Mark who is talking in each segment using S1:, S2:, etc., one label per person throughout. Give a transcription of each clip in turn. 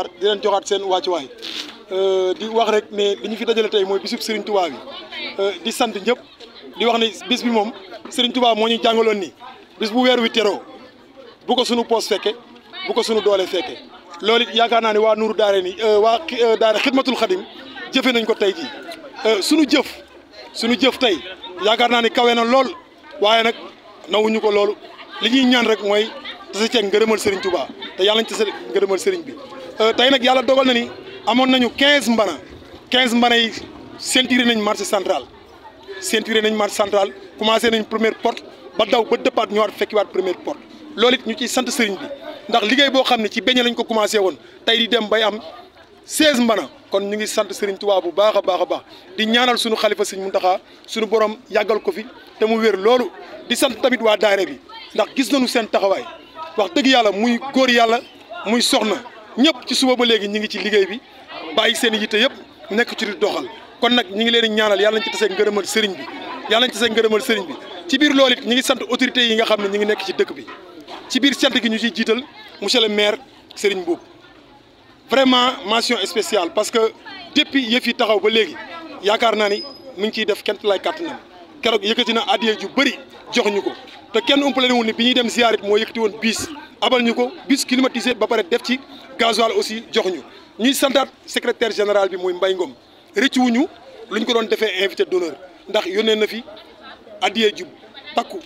S1: yaakaar di leen joxaat seen wàccuwaay euh, di wax rek ne li ñu fi dajale tey mooy bisub Serigne Touba bi euh, di sant ñëpp di wax ne bis bi moom Serigne Touba moo ñu jàngaloon nii bis bu weer wi teroo bu ko sunu poos fekke bu ko sunu doole fekke loolu it yaakaar naa ne waa Nuuru Daara ni euh, waa Daara Xidmatul Xadim jëfe nañ ko tey jii sunu jëf sunu jëf tey yaakaar naa ne kawe na lool waaye nag nawuñu ko loolu li ñuy ñaan rek mooy tase ceeg ngërëmal Serigne Touba te yàlla ñu tase ngërëmal bi. Euh, tey nag yàlla dogal na ni amoon nañu quinze mbana quinze mbana yi ceinturé nañ marché central ceinturé nañ marché central commencé nañ première porte ba daw ba dëppaat ñëwaat fekkiwaat première porte loolu it ñu ciy sant sëriñ bi ndax liggéey boo xam ne ci beñe lañ ko commencé woon tey di dem bay am 16 mbana kon ñu ngi sant Serigne Touba bu baax a baax a baax di ñaanal suñu xalifa Serigne Mountakha suñu borom yàggal ko fi te mu wér loolu di sant tamit waa daayira bi ndax gis nañu seen taxawaay wax dëgg yàlla muy góor yàlla muy soxna ñëpp ci suba ba légui ñi ngi ci liggéey bi bayyi seen yitte yépp nek ci di doxal kon nak ñi ngi leen ñaanal yalla nañ ci tassé ngeureumal sëriñ bi yalla nañ ci tassé ngeureumal sëriñ bi ci biir loolit ñi ngi sante autorité yi nga xam ñi ngi nek ci dëkk bi ci biir sant gi ñu ci jiital monsieur le maire sëriñ Mboup vraiment mention spéciale parce que depuis yëf taxaw ba légui yaakaar na ni mu ngi ciy def kent lay kàttanam kérok yëkëti na adiyé ju bëri jox ñuko ko te kenn umpalé wu ni bi ñuy dem ziarit mo yëkëti won bis abal ñuko ko bis climatisé ba paré def ci gasoil aussi jox ñi ñuy secrétaire général bi moy mbay Ngom rëccu wuñu lu ko doon défé invité d'honneur ndax yónnee na fi addiye ju takku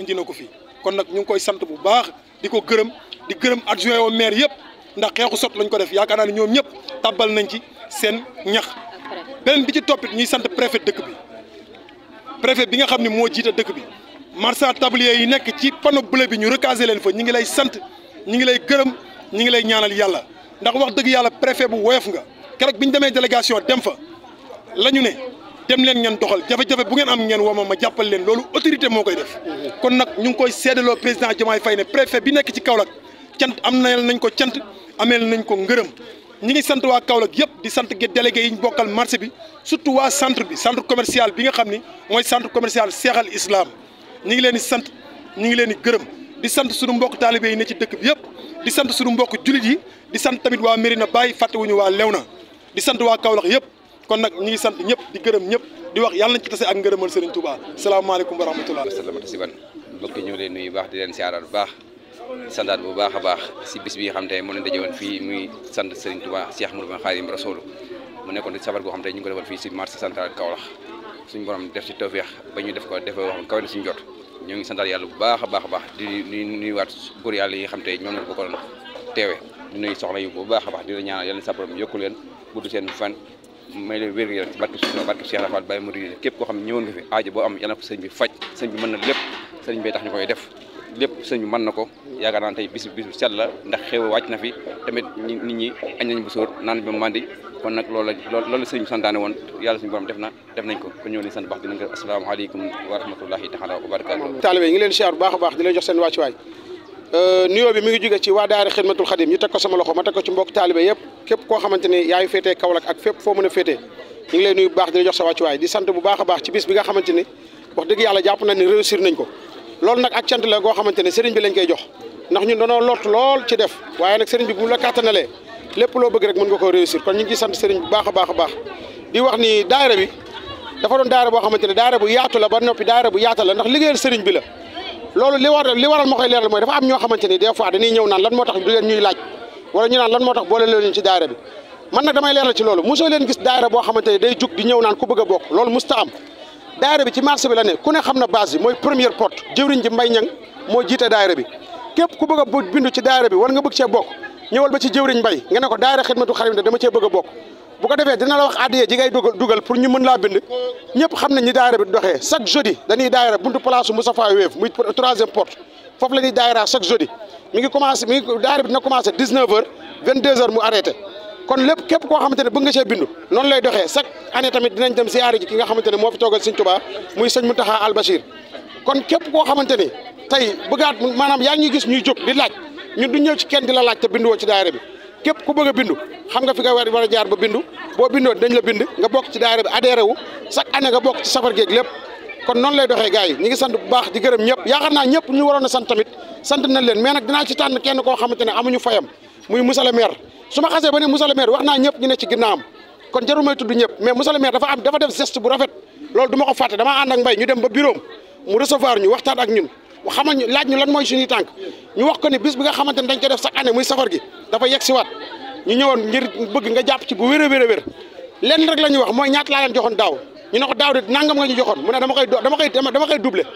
S1: indi na ko fi kon n'ak ñu ngi koy sant bu baax di ko di gëreum adjoint au maire yépp ndax xeexu sot lañ ko def yaaka na ne ñoom ñëpp tabal nañ ci sen ñax beneen bi ci topit ñi sant préfet dëkk bi préfet bi nga xamni mo moo jiite dëkk bi marchand tablier yi nek ci panneau bleu bi ñu recaser len fa ñi ngi lay sant ñi ngi lay gëreum ñi ngi lay ñaanal yàlla ndax wax dëgg yàlla préfet bu woyof nga keroog bi ñu demee délégation dem fa la ñu ne dem leen ngeen doxal jafe-jafe bu ngeen am ngeen woo ma ma jàppal leen loolu autorité moo koy def. kon nag ñu ngi koy seedaloo président Diomaye fay ne préfet bi nekk ci Kaolack cant am nañ ko cant ameel nañ ko ngërëm. ñi ngi sant waa Kaolack yëpp di sant délégué yi ñu bokkal marché bi surtout waa centre bi centre commercial bi nga xam ni mooy centre commercial Cheikh Al Islam ngi leen di sant ñi ngi leen di gërëm. di sante suñu mbokk talibé yi ne ci dëkk bi yëpp di sante suñu mbokk julit yi di sante tamit waa bay faté wuñu wa lewna di sante wa Kaolack yëpp kon nak ñi sante ñëpp di gërëm ñëpp di wax yalla nañ ci tassé ak ngërëmal
S2: Serigne Touba alaykum wa rahmatullah salamata ta ban mbokk ñu leen nuyu baax di leen siaral bu baax santaat bu baax a baax si bis bi xamanté mo te moo leen dajewoon fii muy sante Serigne Touba Cheikh Mouhamadou Khadim Rasoul mu nekkon di sabar go xamanté ñu ko defal fi ci marché central Kaolack suñu borom def ci tawféex ba ñu def ko defee wax kaw na suñu jot ñoo ngi santal yàlla bu baax a baax a baax di nuyuwaat góor yàlla yi xam tey ñoom la ko doon teewe di nuyu soxla yi bu baax a baax di la ñaanal yàlla sa borom yokku leen gudd seen fan may leen wér yéen barke képp koo xam ne ñëwoon nga fi aajo boo am yàlla ko sëñ bi faj sëñ bi mën na lépp sëñ bi tax ñu koy def lépp sëñ bi mën na ko yaakaar naa tey bis bisu set la ndax xew wàcc na fi tamit nit ñi añ nañ bu sóor naan bi mandi kon nag loolu la loolu la sëñ bi santaane woon yàlla suñu borom def na def nañ ko kon ñoo leen sant baax dinañ ko asalaamaaleykum wa wa barakaatu taalibe
S3: yi ngi leen siyaar a di leen euh, ko sama loxo ma teg ci mbokk taalibe yëpp képp koo xamante ne yaa ngi féetee Kaolack ak fépp foo mën a féetee ñu ngi baax di la jox sa wàccuwaay di sant bu baax a baax ci bis bi wax dëgg yàlla jàpp nañ ko loolu nag ak cant la goo xamante ne sëriñ bi lañ koy jox ndax ñun danoo lot lool ci def waaye nag sëriñ bi bu la kattanalee lépp loo bëgg rek mën nga koo réussir kon ñu ngi sant sëriñ bu baax a baax a baax di wax bi boo xamante ne bu yaatu la ba noppi daayira bu yaata la ndax liggéeyal sëriñ bi la loolu li war li waral ma koy leeral mooy dafa am ñoo xamante ni des fois dañuy ñëw naan lan moo tax du leen ñuy laaj wala ñu naan lan moo tax boole leen ci daayira bi man nag damay leeral ci loolu mosoo leen gis daayira boo xamante ne day jug di ñëw naan ku bëgg bokk loolu musta am daayira bi ci marché bi la ne ku ne xam na base bi mooy première porte jëwriñ ji mbay ñang moo jiite daayira bi képp ku bëgg a bindu ci daayira bi war nga bëgg cee bokk ñëwal ba ci jëwriñ mbay nga ne ko daayira xidmatu xadim dama cee bëgg ko defee dina la wax addiye ji ñu mën laa bind ñëpp xam nañ ni daayira bi doxee chaque jeudi dañuy daayira buntu place Moustapha Wéef muy troisième porte foofu la ñuy chaque jeudi mi ngi commencé mi ngi daayira bi dina commencé 19 mu arrêté kon lepp kep ko xamantene ne bëgg nga see bindu non lay doxé chaque ané tamit dinañ dem siyaare ji ki nga xamantene mo fi togal Sëñ Touba muy sëñ Moutaha Al Bashir kon kep ko xamantene tay bëggat manam ya ngi gis ñuy jox di laaj ñun du ñew ci kenn di la laaj te wo ci daayira bi kep ku bëgg bindu xam nga fi nga war a jaar ba bindu bo bindoo dañ la bind nga bok ci daayira bi adéré wu chaque ané nga bok ci safar geeg lepp kon non lay doxé gaay ñi ngi sant bu baax di gërëm ñëpp yaakaar naa ñëpp ñu warona sant tamit sant nañ leen mais nak dina ci tan kenn ko xamantene amuñu fayam muy musala le suma xasse xasee ba ne monsieur le maire waxna naa ñu ne ci ginnam kon jaru may tuddu ñëpp mais moussa le maire dafa am dafa def geste bu rafet lolou duma ko faté dama and ak mbay ñu dem ba bureau mu recevoir ñu waxtaan ak ñun xamal ñu laaj ñu lan moy suñu tank ñu wax ko ni bis bi nga xamantene ne dañ ko def chaque année muy safar gi dafa yexsi si ñu ñewon ngir bëgg nga japp ci bu wéré wéré wér a rek lañu wax moy ñaat la leen joxon daw ñu ne ko de nangam nga ñu joxon mu ne dama koy dama koy dama koy doubler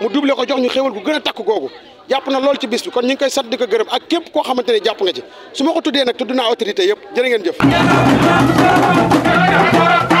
S3: mu doubler ko jox ñu xewal gu gëna takku gogou jàpp na lool ci bis bi kon ñu ngi koy sant di ko gërëm ak képp koo xamante ne jàpp nga ci su ma ko tuddee nag tudd naa autorité yëpp jërë ngeen jëf.